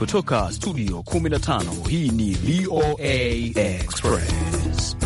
kutoka studio 15 hii ni VOA Express.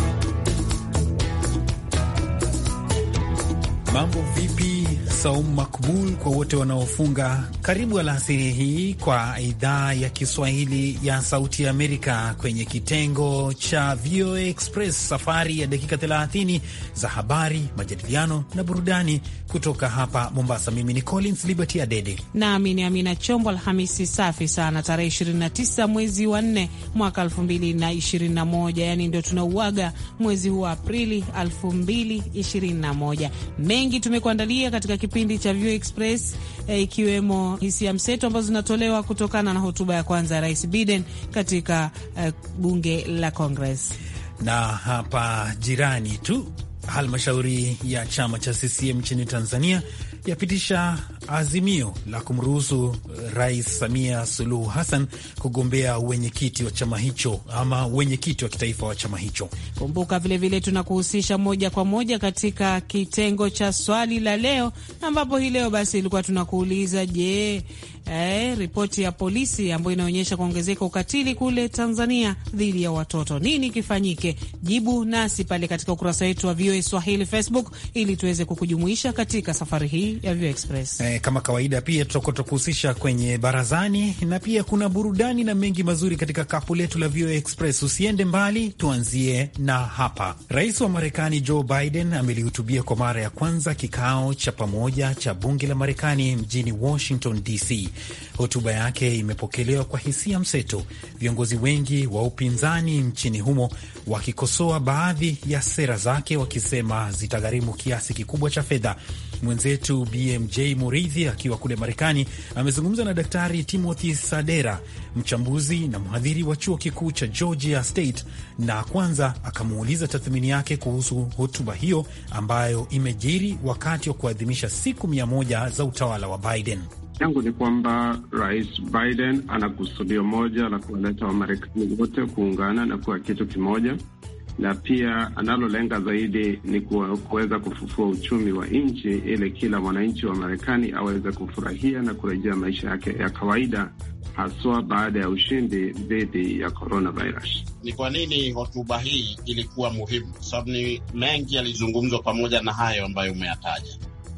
Mambo vipi saumu makbul kwa wote wanaofunga. Karibu alasiri hii kwa idhaa ya Kiswahili ya Sauti ya Amerika kwenye kitengo cha VOA Express, safari ya dakika 30 za habari, majadiliano na burudani kutoka hapa Mombasa. Mimi ni Collins Liberty Adede nami ni Amina Chombo. Alhamisi safi sana, tarehe 29 mwezi wa 4 mwaka 2021, yani ndio tunauaga mwezi huu wa Aprili 2021. Mengi tumekuandalia katika kipindi cha View Express eh, ikiwemo hisia mseto ambazo zinatolewa kutokana na hotuba ya kwanza ya Rais Biden katika eh, bunge la Congress. Na hapa jirani tu halmashauri ya chama cha CCM nchini Tanzania yapitisha azimio la kumruhusu Rais Samia Suluhu Hassan kugombea wenyekiti wa chama hicho ama wenyekiti wa kitaifa wa chama hicho. Kumbuka vilevile tunakuhusisha moja kwa moja katika kitengo cha swali la leo, ambapo hii leo basi ilikuwa tunakuuliza je, eh, ripoti ya polisi ambayo inaonyesha kuongezeka ukatili kule Tanzania dhidi ya watoto. Nini kifanyike? Jibu nasi pale katika ukurasa wetu wa VOA Swahili Facebook, ili tuweze kukujumuisha katika safari hii ya VOA Express. Eh, kama kawaida pia tutakuwa tukuhusisha kwenye barazani na pia kuna burudani na mengi mazuri katika kapu letu la VOA Express. Usiende mbali, tuanzie na hapa. Rais wa Marekani Joe Biden amelihutubia kwa mara ya kwanza kikao cha pamoja cha bunge la Marekani mjini Washington DC. Hotuba yake imepokelewa kwa hisia mseto, viongozi wengi wa upinzani nchini humo wakikosoa baadhi ya sera zake, wakisema zitagharimu kiasi kikubwa cha fedha. Mwenzetu BMJ Muridhi akiwa kule Marekani amezungumza na Daktari Timothy Sadera, mchambuzi na mhadhiri wa chuo kikuu cha Georgia State, na kwanza akamuuliza tathmini yake kuhusu hotuba hiyo ambayo imejiri wakati wa kuadhimisha siku mia moja za utawala wa Biden yangu ni kwamba Rais Biden ana kusudio moja la kuwaleta Wamarekani wote kuungana na kuwa kitu kimoja, na pia analolenga zaidi ni kuweza kufufua uchumi wa nchi ili kila mwananchi wa Marekani aweze kufurahia na kurejea maisha yake ya kawaida, haswa baada ya ushindi dhidi ya coronavirus. Ni kwa nini hotuba hii ilikuwa muhimu? Kwa sababu ni mengi yalizungumzwa, pamoja na hayo ambayo umeyataja.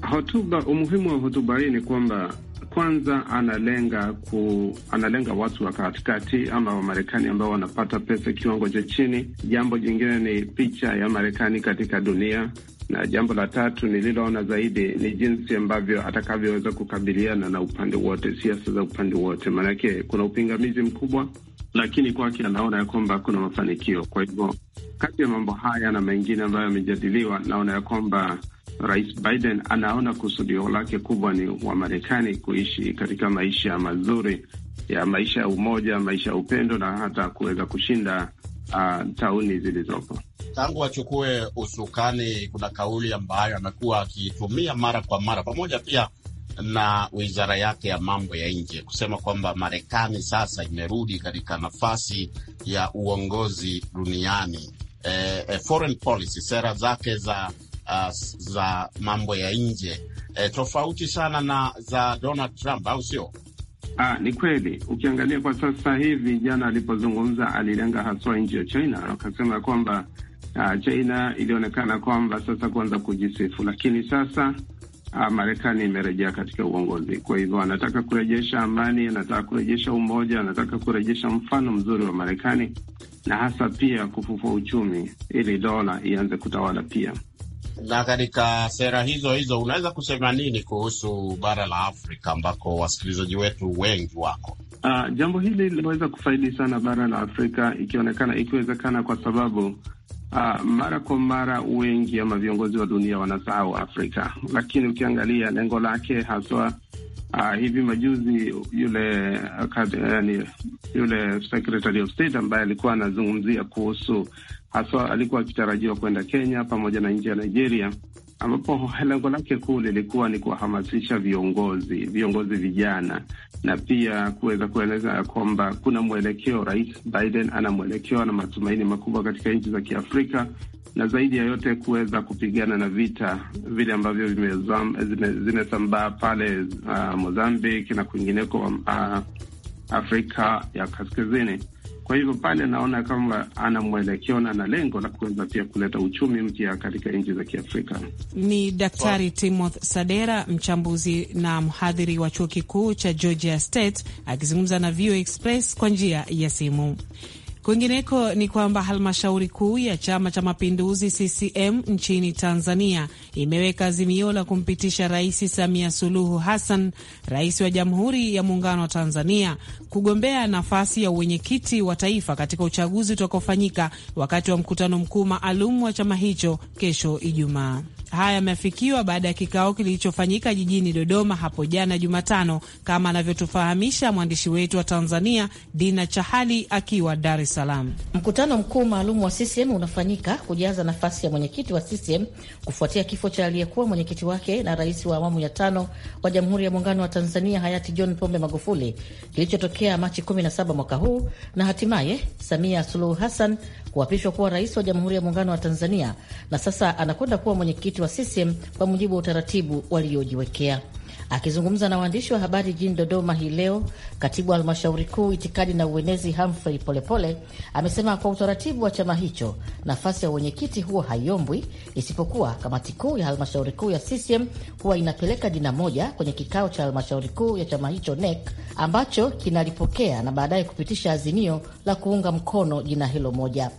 Hotuba, umuhimu wa hotuba hii ni kwamba kwanza analenga ku, analenga watu wa katikati ama Wamarekani ambao wanapata pesa kiwango cha chini. Jambo jingine ni picha ya Marekani katika dunia, na jambo la tatu nililoona zaidi ni jinsi ambavyo atakavyoweza kukabiliana na upande wote, siasa za upande wote, maanake kuna upingamizi mkubwa, lakini kwake anaona ya kwamba kuna mafanikio. Kwa hivyo kati ya mambo haya na mengine ambayo yamejadiliwa, naona ya kwamba Rais Biden anaona kusudio lake kubwa ni Wamarekani kuishi katika maisha mazuri ya maisha ya umoja, maisha ya upendo na hata kuweza kushinda uh, tauni zilizopo. Tangu achukue usukani, kuna kauli ambayo amekuwa akitumia mara kwa mara, pamoja pia na wizara yake ya mambo ya nje kusema kwamba Marekani sasa imerudi katika nafasi ya uongozi duniani. E, e, foreign policy, sera zake za uh, za mambo ya nje e, tofauti sana na za Donald Trump, au sio? Ah, ni kweli. Ukiangalia kwa sasa hivi, jana alipozungumza alilenga haswa nchi ya China, akasema kwamba uh, China ilionekana kwamba sasa kuanza kujisifu, lakini sasa uh, Marekani imerejea katika uongozi. Kwa hivyo anataka kurejesha amani, anataka kurejesha umoja, anataka kurejesha mfano mzuri wa Marekani na hasa pia kufufua uchumi ili dola ianze kutawala pia. Na katika sera hizo hizo, unaweza kusema nini kuhusu bara la Afrika ambako wasikilizaji wetu wengi wako? Uh, jambo hili linaweza kufaidi sana bara la Afrika ikionekana, ikiwezekana, kwa sababu uh, mara kwa mara wengi ama viongozi wa dunia wanasahau Afrika, lakini ukiangalia lengo lake haswa Uh, hivi majuzi yule uh, yule Secretary of State ambaye alikuwa anazungumzia kuhusu haswa alikuwa akitarajiwa kwenda Kenya pamoja na nchi ya Nigeria, ambapo lengo lake kuu lilikuwa ni kuwahamasisha viongozi viongozi vijana na pia kuweza kueleza ya kwamba kuna mwelekeo, Rais Biden ana mwelekeo na matumaini makubwa katika nchi za Kiafrika, na zaidi ya yote kuweza kupigana na vita vile ambavyo zimesambaa pale uh, Mozambique na kwingineko uh, Afrika ya Kaskazini. Kwa hivyo pale naona kama ana mwelekeo na ana lengo la kuweza pia kuleta uchumi mpya katika nchi za Kiafrika. Ni Daktari wow, Timoth Sadera, mchambuzi na mhadhiri wa chuo kikuu cha Georgia State akizungumza na VOA Express kwa njia ya simu. Kwingineko ni kwamba halmashauri kuu ya Chama cha Mapinduzi CCM nchini Tanzania imeweka azimio la kumpitisha Rais Samia Suluhu Hassan, rais wa Jamhuri ya Muungano wa Tanzania, kugombea nafasi ya uwenyekiti wa taifa katika uchaguzi utakaofanyika wakati wa mkutano mkuu maalum wa chama hicho kesho Ijumaa. Haya yameafikiwa baada ya kikao kilichofanyika jijini Dodoma hapo jana Jumatano, kama anavyotufahamisha mwandishi wetu wa Tanzania Dina Chahali akiwa Dar es Salaam. Mkutano mkuu maalum wa CCM unafanyika kujaza nafasi ya mwenyekiti wa CCM kufuatia kifo cha aliyekuwa mwenyekiti wake na rais wa awamu ya tano wa Jamhuri ya Muungano wa Tanzania hayati John Pombe Magufuli kilichotokea Machi 17 mwaka huu, na hatimaye Samia Suluhu Hassan kuapishwa kuwa rais wa Jamhuri ya Muungano wa Tanzania, na sasa anakwenda kuwa mwenyekiti wa CCM kwa mujibu wa utaratibu waliojiwekea. Akizungumza na waandishi wa habari jijini Dodoma hii leo, katibu wa halmashauri kuu itikadi na uenezi Humphrey Polepole amesema kwa utaratibu wa chama hicho nafasi ya uwenyekiti huo haiombwi, isipokuwa kamati kuu ya halmashauri kuu ya CCM huwa inapeleka jina moja kwenye kikao cha halmashauri kuu ya chama hicho NEC ambacho kinalipokea na baadaye kupitisha azimio la kuunga mkono jina hilo moja.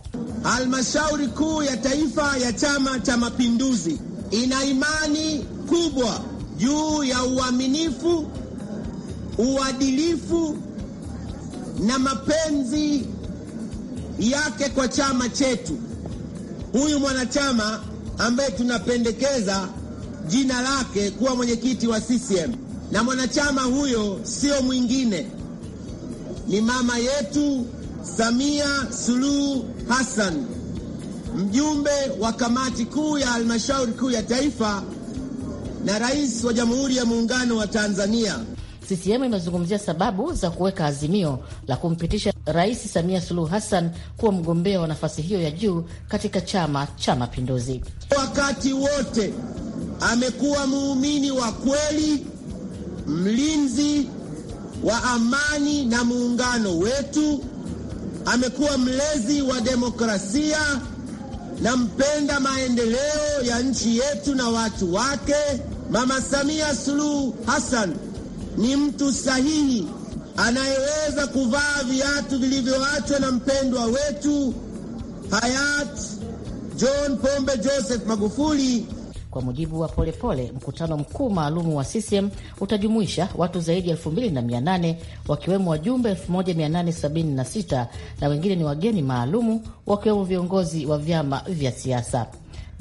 Halmashauri kuu ya taifa ya Chama cha Mapinduzi ina imani kubwa juu ya uaminifu, uadilifu na mapenzi yake kwa chama chetu. Huyu mwanachama ambaye tunapendekeza jina lake kuwa mwenyekiti wa CCM, na mwanachama huyo sio mwingine, ni mama yetu Samia Suluhu Hassan, mjumbe wa kamati kuu ya halmashauri kuu ya taifa na rais wa Jamhuri ya Muungano wa Tanzania. CCM imezungumzia sababu za kuweka azimio la kumpitisha Rais Samia Suluhu Hassan kuwa mgombea wa nafasi hiyo ya juu katika Chama cha Mapinduzi. Wakati wote amekuwa muumini wa kweli, mlinzi wa amani na muungano wetu, amekuwa mlezi wa demokrasia nampenda maendeleo ya nchi yetu na watu wake. Mama Samia Suluhu Hassan ni mtu sahihi anayeweza kuvaa viatu vilivyoachwa na mpendwa wetu hayat John Pombe Joseph Magufuli kwa mujibu wa Polepole pole, mkutano mkuu maalumu wa CCM utajumuisha watu zaidi ya 2800 wakiwemo wajumbe 1876 na wengine ni wageni maalumu wakiwemo viongozi wa vyama vya siasa.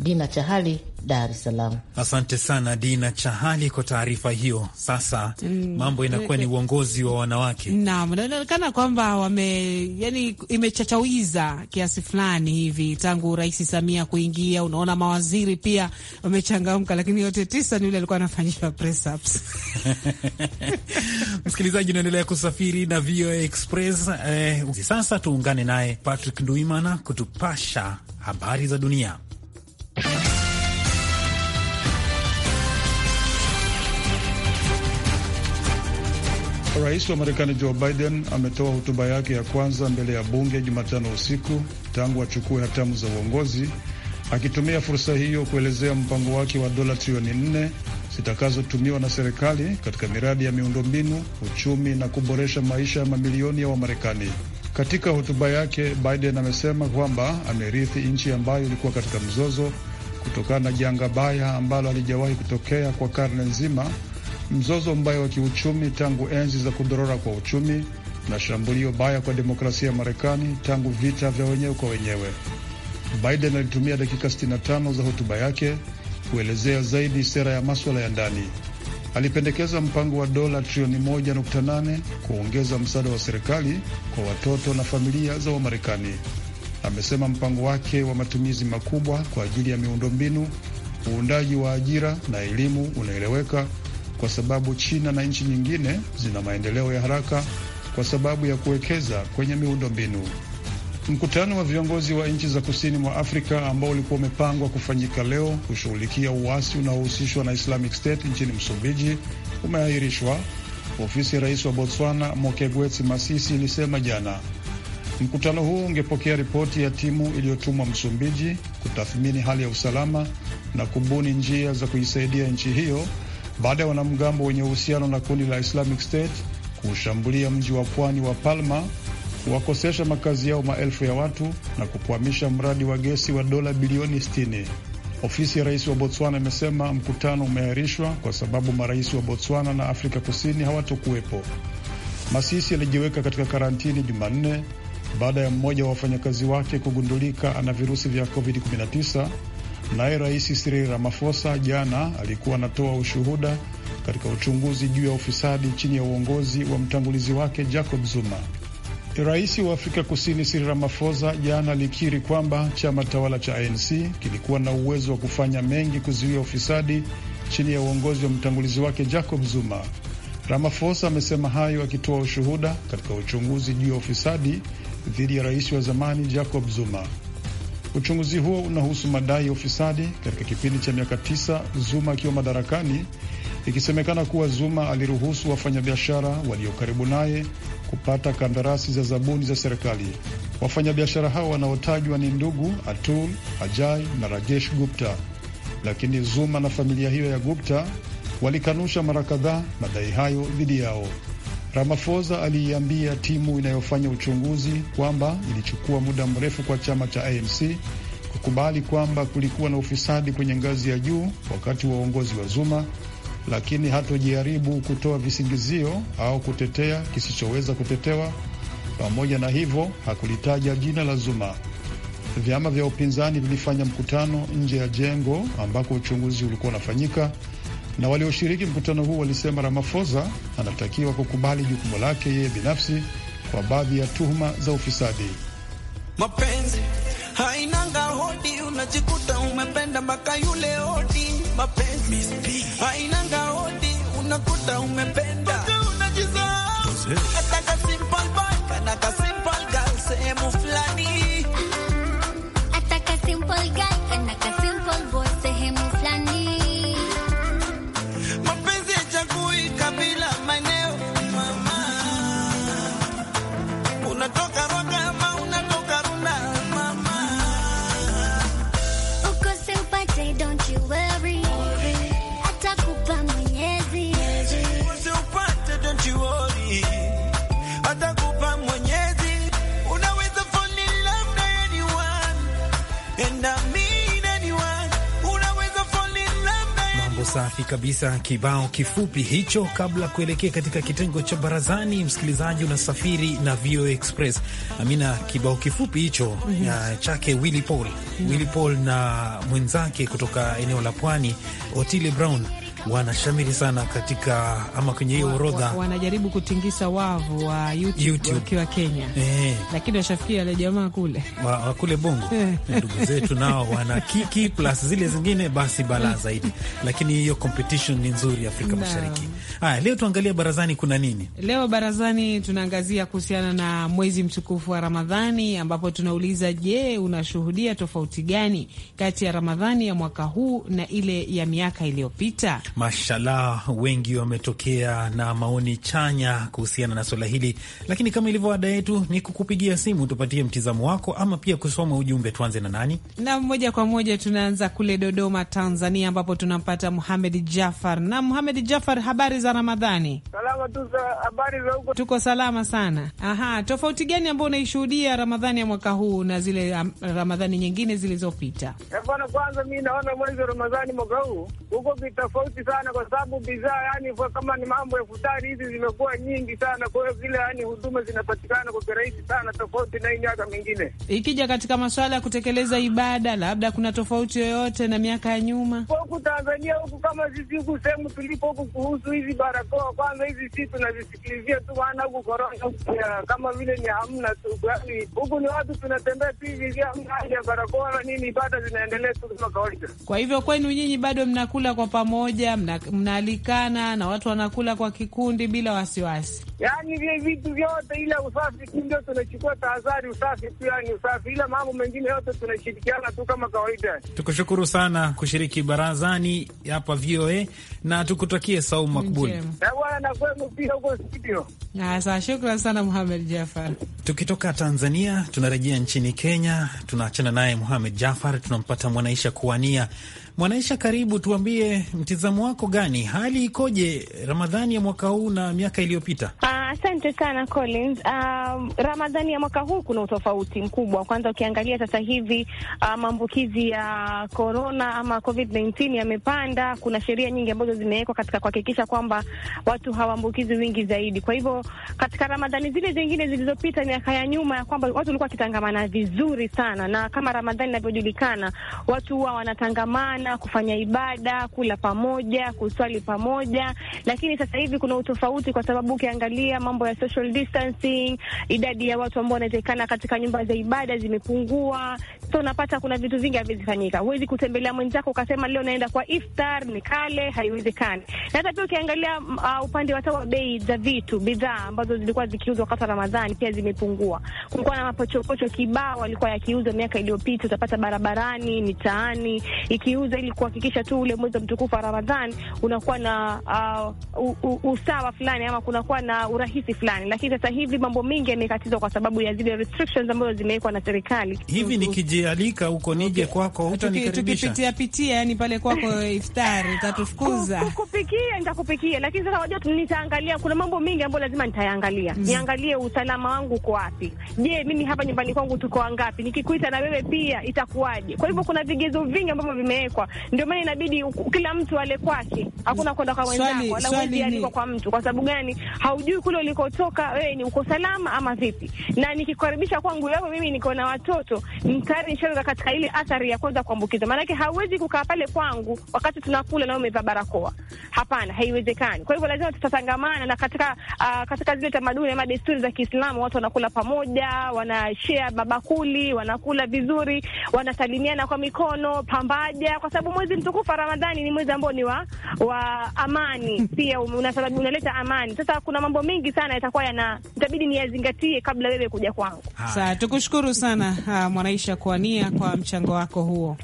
Dina Chahali, Dar es Salaam. Asante sana Dina Chahali kwa taarifa hiyo. Sasa mm, mambo inakuwa ni uongozi wa wanawake. Naam, inaonekana kwamba wame, yani imechachawiza kiasi fulani hivi tangu Rais Samia kuingia. Unaona mawaziri pia wamechangamka, lakini yote tisa ni yule alikuwa anafanyishwa press ups. Msikilizaji, unaendelea kusafiri na VOA Express. Eh, sasa tuungane naye Patrick Nduimana kutupasha habari za dunia. Rais wa Marekani Joe Biden ametoa hotuba yake ya kwanza mbele ya bunge Jumatano usiku tangu achukue hatamu za uongozi, akitumia fursa hiyo kuelezea mpango wake wa dola trilioni nne zitakazotumiwa na serikali katika miradi ya miundombinu, uchumi na kuboresha maisha ya mamilioni ya Wamarekani. Katika hotuba yake, Biden amesema kwamba amerithi nchi ambayo ilikuwa katika mzozo kutokana na janga baya ambalo halijawahi kutokea kwa karne nzima, mzozo mbaya wa kiuchumi tangu enzi za kudorora kwa uchumi na shambulio baya kwa demokrasia ya Marekani tangu vita vya wenyewe kwa wenyewe. Biden alitumia dakika 65 za hotuba yake kuelezea zaidi sera ya maswala ya ndani alipendekeza mpango wa dola trilioni 1.8 kuongeza msaada wa serikali kwa watoto na familia za Wamarekani. Amesema mpango wake wa matumizi makubwa kwa ajili ya miundombinu, uundaji wa ajira na elimu unaeleweka kwa sababu China na nchi nyingine zina maendeleo ya haraka kwa sababu ya kuwekeza kwenye miundombinu. Mkutano wa viongozi wa nchi za kusini mwa Afrika ambao ulikuwa umepangwa kufanyika leo kushughulikia uasi unaohusishwa na Islamic State nchini Msumbiji umeahirishwa, ofisi ya rais wa Botswana Mokegwetsi Masisi ilisema jana. Mkutano huo ungepokea ripoti ya timu iliyotumwa Msumbiji kutathmini hali ya usalama na kubuni njia za kuisaidia nchi hiyo baada ya wanamgambo wenye uhusiano na kundi la Islamic State kuushambulia mji wa pwani wa Palma kuwakosesha makazi yao maelfu ya watu na kukwamisha mradi wa gesi wa dola bilioni 60. Ofisi ya rais wa Botswana imesema mkutano umeahirishwa kwa sababu marais wa Botswana na Afrika Kusini hawatokuwepo. Masisi alijiweka katika karantini Jumanne baada ya mmoja wa wafanyakazi wake kugundulika ana virusi vya COVID-19. Naye rais Cyril Ramaphosa jana alikuwa anatoa ushuhuda katika uchunguzi juu ya ufisadi chini ya uongozi wa mtangulizi wake Jacob Zuma. Rais wa Afrika Kusini Cyril Ramaphosa jana alikiri kwamba chama tawala cha ANC kilikuwa na uwezo wa kufanya mengi kuzuia ufisadi chini ya uongozi wa mtangulizi wake Jacob Zuma. Ramaphosa amesema hayo akitoa ushuhuda katika uchunguzi juu ya ufisadi dhidi ya rais wa zamani Jacob Zuma. Uchunguzi huo unahusu madai ya ufisadi katika kipindi cha miaka tisa Zuma akiwa madarakani ikisemekana kuwa Zuma aliruhusu wafanyabiashara walio karibu naye kupata kandarasi za zabuni za serikali. Wafanyabiashara hao wanaotajwa ni ndugu Atul, Ajay na Rajesh Gupta, lakini Zuma na familia hiyo ya Gupta walikanusha mara kadhaa madai hayo dhidi yao. Ramaphosa aliiambia timu inayofanya uchunguzi kwamba ilichukua muda mrefu kwa chama cha ANC kukubali kwamba kulikuwa na ufisadi kwenye ngazi ya juu wakati wa uongozi wa Zuma lakini hatujaribu kutoa visingizio au kutetea kisichoweza kutetewa. Pamoja na hivyo, hakulitaja jina la Zuma. Vyama vya upinzani vilifanya mkutano nje ya jengo ambako uchunguzi ulikuwa unafanyika, na walioshiriki mkutano huu walisema Ramaphosa anatakiwa kukubali jukumu lake yeye binafsi kwa baadhi ya tuhuma za ufisadi. Mapenzi hainanga hodi, unajikuta umependa mpaka yuleo mapenzi hainanga hodi, unakuta umependa hata kasimpa baka na kasi safi kabisa, kibao kifupi hicho, kabla kuelekea katika kitengo cha barazani. Msikilizaji, unasafiri na VOA Express. Amina, kibao kifupi hicho mm -hmm. chake Willy Paul mm -hmm. Willy Paul na mwenzake kutoka eneo la pwani Otile Brown wanashamiri sana katika ama kwenye hiyo orodha, wanajaribu kutingisa wavu wa YouTube wakiwa Kenya eh, lakini washafikia wale jamaa kule wa, kule Bongo eh. ndugu zetu nao wana kiki plus zile zingine, basi balaa zaidi, lakini hiyo competition ni nzuri Afrika no. Mashariki. Haya, leo tuangalie barazani, kuna nini leo barazani? Tunaangazia kuhusiana na mwezi mtukufu wa Ramadhani ambapo tunauliza, je, unashuhudia tofauti gani kati ya Ramadhani ya mwaka huu na ile ya miaka iliyopita? Mashallah, wengi wametokea na maoni chanya kuhusiana na swala hili, lakini kama ilivyo ada yetu ni kukupigia simu tupatie mtizamo wako, ama pia kusoma ujumbe. Tuanze na nani? Na moja kwa moja tunaanza kule Dodoma, Tanzania, ambapo tunampata Muhamed Jafar. Na Muhamed Jafar, habari za Ramadhani? Salama tu, habari za huko? Tuko salama sana. Aha, tofauti gani ambayo unaishuhudia Ramadhani ya mwaka huu na zile um, Ramadhani nyingine zilizopita? Kwanza mi naona mwezi wa Ramadhani mwaka huu huko tofauti sana, kwa sababu bidhaa yani kama ni mambo ya futari hizi zimekuwa nyingi sana, kwa hiyo vile yani huduma zinapatikana kwa kirahisi sana, tofauti na hii miaka mingine. Ikija katika masuala ya kutekeleza ibada, labda kuna tofauti yoyote na miaka ya nyuma huku Tanzania huku kama sisi huku sehemu tulipo huku, kuhusu hizi barakoa, kwanza hizi si tunazisikilizia tu, maana huku korona kama vile ni hamna tu, yani huku ni watu tunatembea tu hivi, hamna haja ya barakoa na nini, ibada zinaendelea tu kama kawaida. Kwa hivyo kwenu nyinyi bado mnakula kwa pamoja pamoja, mnaalikana mna na watu wanakula kwa kikundi bila wasiwasi. Yani vile vitu vyote, ila usafi tu ndio tunachukua tahadhari, usafi tu, yani usafi, ila mambo mengine yote tunashirikiana tu kama kawaida. Tukushukuru sana kushiriki barazani hapa VOA na tukutakie saumu makbuli bwana, na kwenu pia huko studio. Sawa, shukran sana Muhamed Jafar. Tukitoka Tanzania tunarejea nchini Kenya, tunaachana naye Muhamed Jafar, tunampata Mwanaisha kuwania Mwanaisha, karibu, tuambie mtizamo wako gani, hali ikoje Ramadhani ya mwaka huu na miaka iliyopita? Ah, asante uh, sana Collins. Uh, Ramadhani ya mwaka huu kuna utofauti mkubwa. Kwanza ukiangalia sasa hivi uh, maambukizi ya korona ama COVID-19 yamepanda. Kuna sheria nyingi ambazo zimewekwa katika kuhakikisha kwamba watu hawaambukizi wingi zaidi. Kwa hivyo katika Ramadhani zile zingine zilizopita, miaka ya nyuma, ya kwamba watu walikuwa wakitangamana vizuri sana, na kama Ramadhani inavyojulikana, watu huwa wanatangamana kukutana, kufanya ibada, kula pamoja, kuswali pamoja. Lakini sasa hivi kuna utofauti, kwa sababu ukiangalia mambo ya social distancing, idadi ya watu ambao wanatekana katika nyumba za ibada zimepungua. So unapata kuna vitu vingi havizifanyika. Huwezi kutembelea mwenzako ukasema leo naenda kwa iftar nikale, haiwezekani. Na hata pia ukiangalia uh, upande wa tawa, bei za vitu, bidhaa ambazo zilikuwa zikiuzwa wakati wa Ramadhani pia zimepungua. Kulikuwa na mapochopocho kibao alikuwa yakiuzwa miaka iliyopita, utapata barabarani, mitaani ikiuza, ili kuhakikisha tu ule mwezi mtukufu wa Ramadhani unakuwa na uh, usawa fulani ama kunakuwa na urahisi fulani, lakini sasa hivi mambo mengi yamekatizwa kwa sababu ya zile restrictions ambazo zimewekwa na serikali hivi ni nikiji Ukinialika huko nije okay. kwako utanikaribisha Tukipitia pitia yani pale kwako iftari utatufukuza. Kukupikia nitakupikia, lakini sasa wajua, nitaangalia kuna mambo mengi ambayo lazima nitayaangalia. Mm. Niangalie usalama wangu uko wapi. Je, mimi hapa nyumbani kwangu tuko wangapi? Nikikuita na wewe pia itakuwaje? Kwa hivyo kuna vigezo vingi ambavyo vimewekwa. Ndio maana inabidi kila mtu ale kwake. Hakuna kwenda kwa wenzako wala wewe aliko kwa mtu. Kwa sababu gani? Haujui kule ulikotoka wewe ni uko salama ama vipi? Na nikikaribisha kwangu wewe mimi niko na watoto, nitari nisharuka yaani katika ile athari ya kuweza kuambukiza. Maanake hauwezi kukaa pale kwangu wakati tunakula na umevaa barakoa, hapana, haiwezekani. Kwa hivyo lazima tutatangamana na katika uh, katika zile tamaduni ama desturi za Kiislamu, watu wanakula pamoja, wanashare mabakuli, wanakula vizuri, wanasalimiana kwa mikono pambaja, kwa sababu mwezi mtukufu wa Ramadhani ni mwezi ambao ni wa, wa amani pia unasababu unaleta amani. Sasa kuna mambo mengi sana yatakuwa yana itabidi niyazingatie kabla wewe kuja kwangu. Sawa, tukushukuru sana ah, Mwanaisha kwa kuwania kwa mchango wako huo.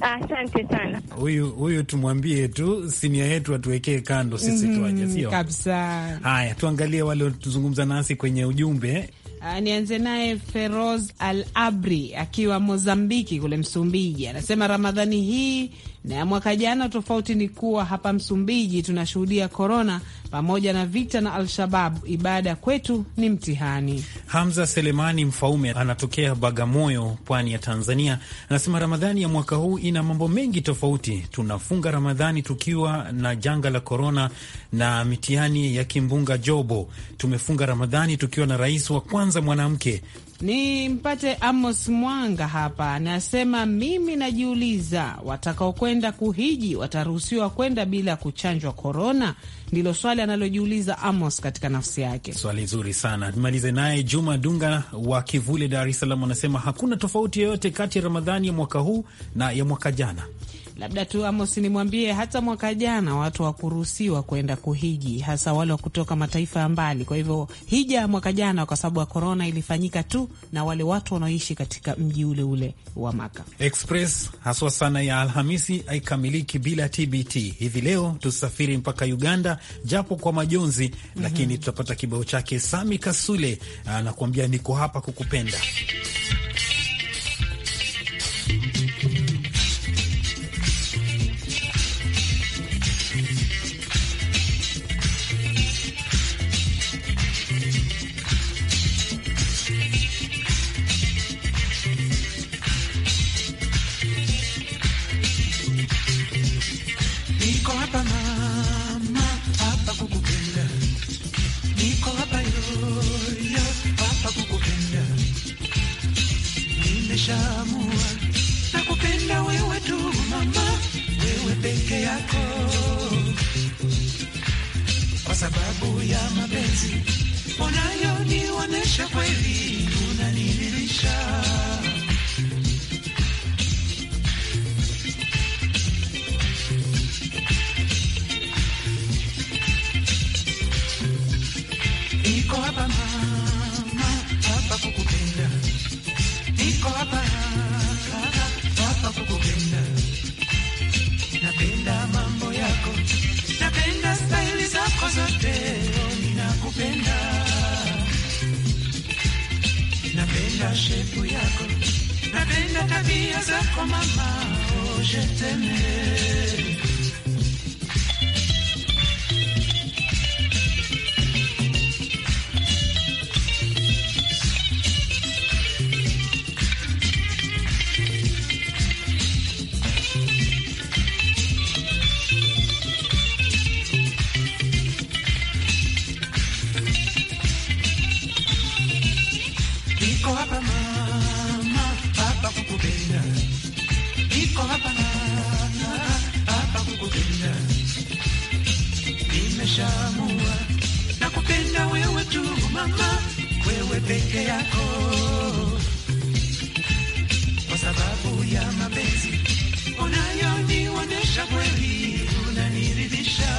Asante ah, sana. Huyu huyu tumwambie tu sinia yetu atuwekee kando sisi mm, tuaje, sio kabisa. Haya, tuangalie wale waliotuzungumza nasi kwenye ujumbe. Ah, nianze naye Feroz Al Abri akiwa Mozambiki kule Msumbiji, anasema Ramadhani hii na ya mwaka jana. Tofauti ni kuwa hapa Msumbiji tunashuhudia korona pamoja na vita na Al-Shabab. Ibada kwetu ni mtihani. Hamza Selemani Mfaume anatokea Bagamoyo, pwani ya Tanzania, anasema Ramadhani ya mwaka huu ina mambo mengi tofauti. Tunafunga Ramadhani tukiwa na janga la korona na mitihani ya kimbunga Jobo. Tumefunga Ramadhani tukiwa na rais wa kwanza mwanamke ni mpate Amos Mwanga hapa anasema, mimi najiuliza watakaokwenda kuhiji wataruhusiwa kwenda bila kuchanjwa korona? Ndilo swali analojiuliza Amos katika nafsi yake. Swali zuri sana. Tumalize naye Juma Dunga wa Kivule, Dar es Salaam, anasema hakuna tofauti yoyote kati ya Ramadhani ya mwaka huu na ya mwaka jana. Labda tu Amos, nimwambie hata mwaka jana watu wakuruhusiwa kwenda kuhiji, hasa wale wa kutoka mataifa ya mbali. Kwa hivyo hija mwaka jana, kwa sababu ya korona, ilifanyika tu na wale watu wanaoishi katika mji ule ule wa Maka. Express haswa sana ya Alhamisi haikamiliki bila TBT. Hivi leo tusafiri mpaka Uganda, japo kwa majonzi, mhm. lakini mm -hmm. tutapata kibao chake Sami Kasule anakuambia niko hapa kukupenda tu mama, wewe peke yako, kwa sababu ya mapenzi unayonionyesha, kweli unaniridhisha.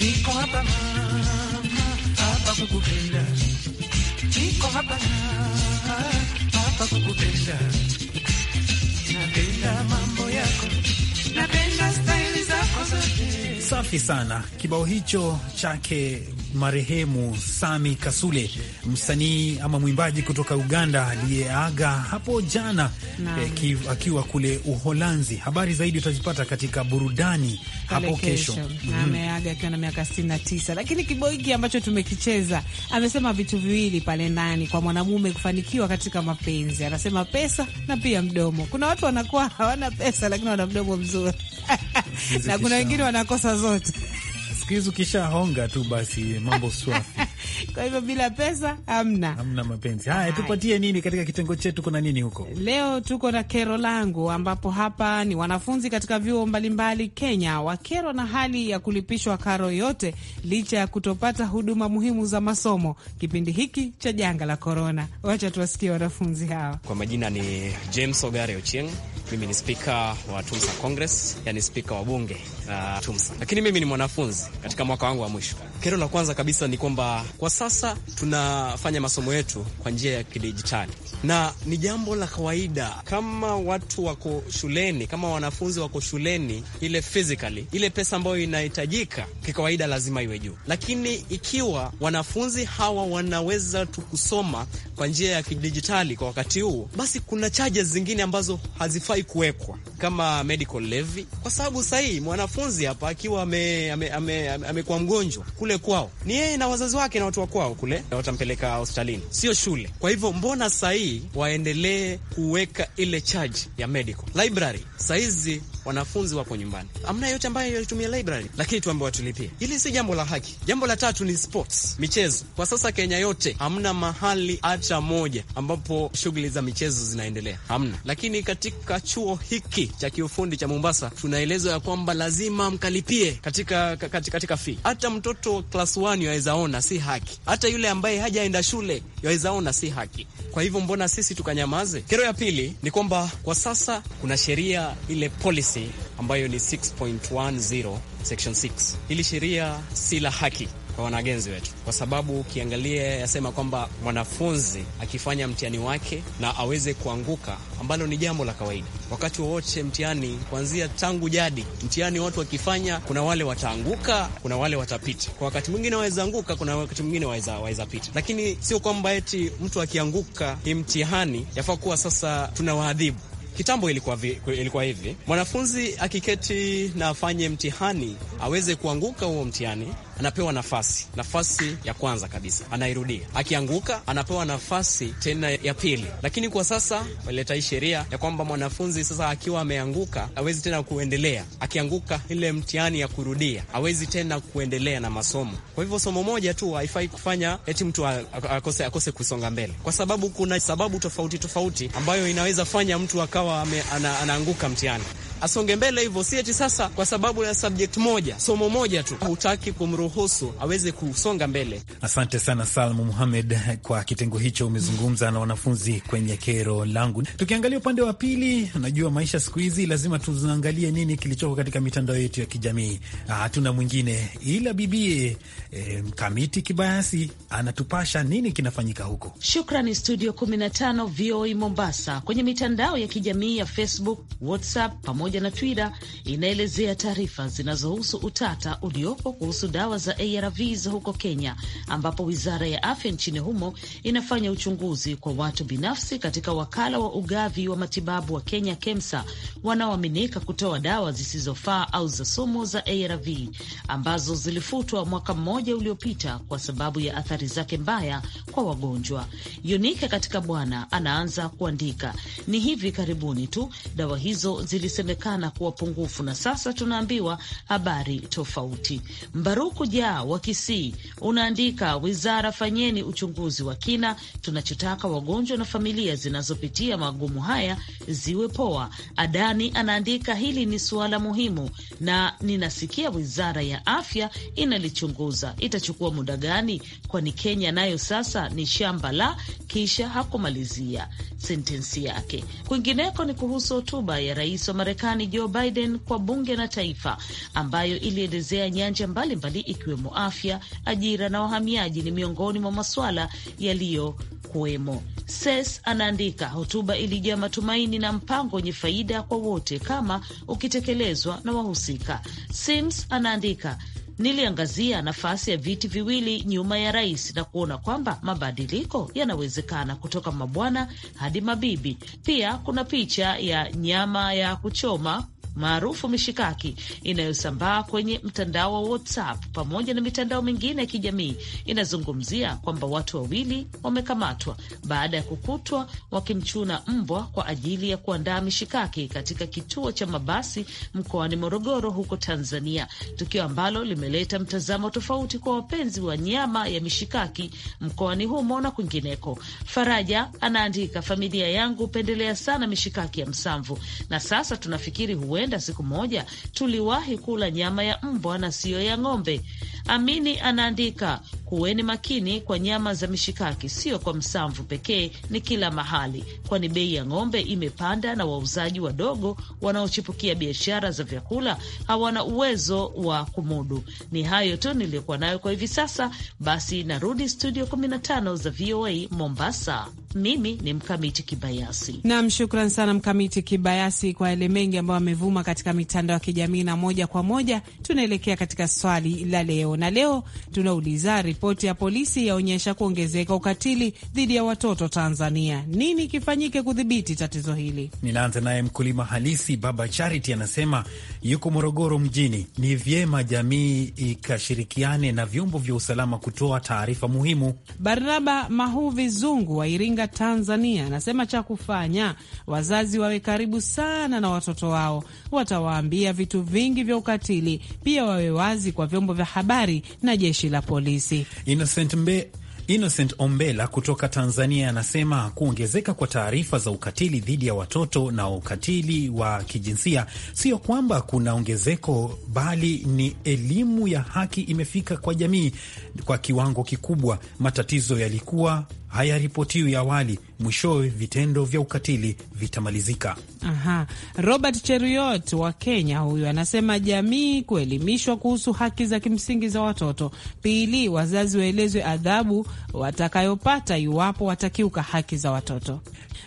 Niko hapa mama, hapa kukupenda, niko hapa na kukupenda. Napenda mambo yako, napenda staili zako zote. Safi sana kibao hicho chake marehemu Sami Kasule msanii ama mwimbaji kutoka Uganda aliyeaga hapo jana eh, akiwa kule Uholanzi. Habari zaidi utazipata katika burudani hapo kesho. Mhm. Ameaga akiwa na miaka 69, lakini kibao hiki ambacho tumekicheza amesema vitu viwili pale ndani kwa mwanamume kufanikiwa katika mapenzi, anasema pesa na pia mdomo. Kuna watu wanakuwa hawana pesa lakini wana mdomo mzuri na kuna wengine wanakosa zote. Siku hizi honga tu basi mambo swafi kwa hivyo bila pesa hamna, hamna mapenzi. Haya, tupatie nini katika kitengo chetu, kuna nini huko leo? Tuko na kero langu, ambapo hapa ni wanafunzi katika vyuo mbalimbali Kenya wakerwa na hali ya kulipishwa karo yote licha ya kutopata huduma muhimu za masomo kipindi hiki cha janga la korona. Wacha tuwasikie wanafunzi hawa. Kwa majina ni James Ogare Ochieng. Mimi ni spika wa TUMSA Congress, yani spika wa bunge la uh, TUMSA, lakini mimi ni mwanafunzi katika mwaka wangu wa mwisho. Kero la kwanza kabisa ni kwamba kwa sasa tunafanya masomo yetu kwa njia ya kidijitali, na ni jambo la kawaida kama watu wako shuleni, kama wanafunzi wako shuleni, ile physically, ile pesa ambayo inahitajika kikawaida lazima iwe juu, lakini ikiwa wanafunzi hawa wanaweza tu kusoma kwa njia ya kidijitali kwa wakati huu, basi kuna charges zingine ambazo hazifai kuwekwa kama medical levy, kwa sababu sahii mwanafunzi hapa akiwa amekuwa ame, ame, ame mgonjwa kule kwao, ni yeye na wazazi wake na watu wa kwao kule, watampeleka hospitalini, sio shule. Kwa hivyo mbona sahii waendelee kuweka ile charge ya medical library sahizi wanafunzi wapo nyumbani, amna yote ambayo yalitumia library, lakini tuambe watulipie. Hili si jambo la haki. Jambo la tatu ni sports, michezo. Kwa sasa Kenya yote hamna mahali hata moja ambapo shughuli za michezo zinaendelea, hamna. Lakini katika chuo hiki cha kiufundi cha Mombasa tunaelezwa ya kwamba lazima mkalipie katika, katika, katika fee. Hata mtoto class 1 yaweza ona si haki, hata yule ambaye hajaenda shule yaweza ona si haki. Kwa hivyo mbona sisi tukanyamaze? Kero ya pili ni kwamba kwa sasa kuna sheria ile policy kasi ambayo ni 6.10 section 6. Hili sheria si la haki kwa wanagenzi wetu, kwa sababu ukiangalia yasema kwamba mwanafunzi akifanya mtihani wake na aweze kuanguka, ambalo ni jambo la kawaida wakati wowote mtihani, kuanzia tangu jadi mtihani watu wakifanya, kuna wale wataanguka, kuna wale watapita. Kwa wakati mwingine waweza anguka, kuna wakati mwingine waweza waweza pita, lakini sio kwamba eti mtu akianguka hii mtihani yafaa kuwa sasa waadhibu Kitambo ilikuwa, vi, ilikuwa hivi mwanafunzi akiketi na afanye mtihani aweze kuanguka huo mtihani anapewa nafasi, nafasi ya kwanza kabisa anairudia, akianguka anapewa nafasi tena ya pili. Lakini kwa sasa waleta hii sheria ya kwamba mwanafunzi sasa akiwa ameanguka awezi tena kuendelea, akianguka ile mtihani ya kurudia awezi tena kuendelea na masomo. Kwa hivyo somo moja tu haifai kufanya eti mtu akose, akose kusonga mbele, kwa sababu kuna sababu tofauti tofauti ambayo inaweza fanya mtu akawa ame, ana, anaanguka mtihani asonge mbele hivyo, si eti sasa kwa sababu ya subject moja, somo moja tu hutaki kumruhusu aweze kusonga mbele. Asante sana Salmu Muhamed kwa kitengo hicho, umezungumza na wanafunzi kwenye kero langu. Tukiangalia upande wa pili, unajua maisha siku hizi lazima tuangalie nini kilichoko katika mitandao yetu ya kijamii. Ah, hatuna mwingine ila bibie e, Mkamiti Kibayasi anatupasha nini kinafanyika huko. Shukrani studio 15 VOA e Mombasa, kwenye mitandao ya kijamii ya Facebook, WhatsApp pamoja pamoja na Twitter inaelezea taarifa zinazohusu utata uliopo kuhusu dawa za ARVs huko Kenya, ambapo wizara ya afya nchini humo inafanya uchunguzi kwa watu binafsi katika wakala wa ugavi wa matibabu wa Kenya, KEMSA, wanaoaminika kutoa dawa zisizofaa au za sumu za ARV ambazo zilifutwa mwaka mmoja uliopita kwa sababu ya athari zake mbaya kwa wagonjwa. Yonike katika Bwana anaanza kuandika, ni hivi karibuni tu dawa hizo ziliseme inaonekana kuwa pungufu, na sasa tunaambiwa habari tofauti. Mbaruku ja wa Kisii unaandika, wizara fanyeni uchunguzi wa kina. Tunachotaka wagonjwa na familia zinazopitia magumu haya ziwe poa. Adani anaandika, hili ni suala muhimu na ninasikia wizara ya afya inalichunguza. Itachukua muda gani? Kwani Kenya nayo sasa ni shamba la kisha. Hakumalizia sentensi yake. Kwingineko ni kuhusu hotuba ya rais wa Marekani Marekani Joe Biden kwa bunge na taifa, ambayo ilielezea nyanja mbalimbali ikiwemo afya, ajira na wahamiaji ni miongoni mwa masuala yaliyokuwemo. Ses anaandika, hotuba ilijaa matumaini na mpango wenye faida kwa wote kama ukitekelezwa na wahusika. Sims anaandika niliangazia nafasi ya viti viwili nyuma ya rais na kuona kwamba mabadiliko yanawezekana kutoka mabwana hadi mabibi. Pia kuna picha ya nyama ya kuchoma maarufu mishikaki inayosambaa kwenye mtandao wa WhatsApp pamoja na mitandao mingine ya kijamii inazungumzia kwamba watu wawili wamekamatwa baada ya kukutwa wakimchuna mbwa kwa ajili ya kuandaa mishikaki katika kituo cha mabasi mkoani Morogoro huko Tanzania, tukio ambalo limeleta mtazamo tofauti kwa wapenzi wa nyama ya mishikaki mkoani humo na kwingineko. Faraja anaandika, familia yangu hupendelea sana mishikaki ya msamvu na sasa tunafikiri huwe huenda siku moja tuliwahi kula nyama ya mbwa na siyo ya ng'ombe. Amini anaandika Kuweni makini kwa nyama za mishikaki, sio kwa Msamvu pekee, ni kila mahali, kwani bei ya ng'ombe imepanda na wauzaji wadogo wanaochipukia biashara za vyakula hawana uwezo wa kumudu. Ni hayo tu niliyokuwa nayo kwa hivi sasa. Basi narudi studio 15 za VOA Mombasa. Mimi ni Mkamiti Kibayasi. Nam, shukran sana Mkamiti Kibayasi kwa yale mengi ambayo amevuma katika mitandao ya kijamii. Na moja kwa moja tunaelekea katika swali la leo, na leo tunauliza Ripoti ya polisi yaonyesha kuongezeka ukatili dhidi ya watoto Tanzania. Nini kifanyike kudhibiti tatizo hili? Ninaanza naye mkulima halisi Baba Charity anasema yuko Morogoro mjini. Ni vyema jamii ikashirikiane na vyombo vya usalama kutoa taarifa muhimu. Barnaba Mahuvi Zungu wa Iringa, Tanzania anasema cha kufanya wazazi wawe karibu sana na watoto wao, watawaambia vitu vingi vya ukatili. Pia wawe wazi kwa vyombo vya habari na jeshi la polisi. Innocent Mbe Innocent Ombela kutoka Tanzania anasema kuongezeka kwa taarifa za ukatili dhidi ya watoto na ukatili wa kijinsia sio kwamba kuna ongezeko, bali ni elimu ya haki imefika kwa jamii kwa kiwango kikubwa. Matatizo yalikuwa hayaripotiwi awali, mwishowe vitendo vya ukatili vitamalizika. Aha. Robert Cheruyot wa Kenya huyu anasema jamii kuelimishwa kuhusu haki za kimsingi za watoto. Pili, wazazi waelezwe adhabu watakayopata iwapo watakiuka haki za watoto.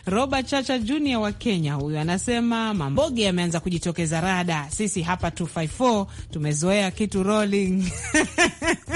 Robert Chacha Junior wa Kenya huyu anasema mamboge yameanza kujitokeza rada. Sisi hapa 254 tumezoea kitu rolling.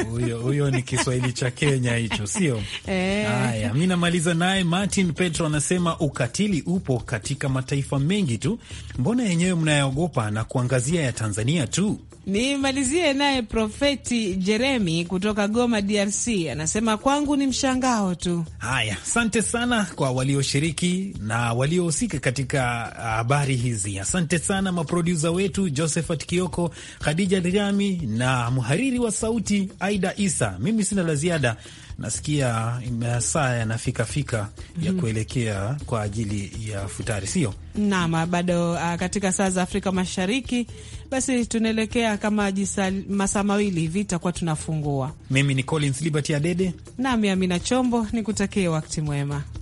Huyo huyo ni Kiswahili cha Kenya hicho, sio? Eh. Haya, mi namaliza naye Martin Petro anasema ukatili upo katika mataifa mengi tu, mbona yenyewe mnayaogopa na kuangazia ya Tanzania tu? Nimalizie naye Profeti Jeremi kutoka Goma, DRC, anasema kwangu ni mshangao tu. Haya, asante sana kwa walioshiriki na waliohusika katika ah, habari hizi. Asante sana maprodusa wetu Josephat Kioko, Khadija Riami na mhariri wa sauti Aida Isa. Mimi sina la ziada nasikia masaa yanafikafika ya mhm. kuelekea kwa ajili ya futari, sio nam bado uh, katika saa za Afrika Mashariki. Basi tunaelekea kama masaa mawili hivi itakuwa tunafungua. Mimi ni Collins Liberty Adede nami Amina Chombo, nikutakie wakati mwema.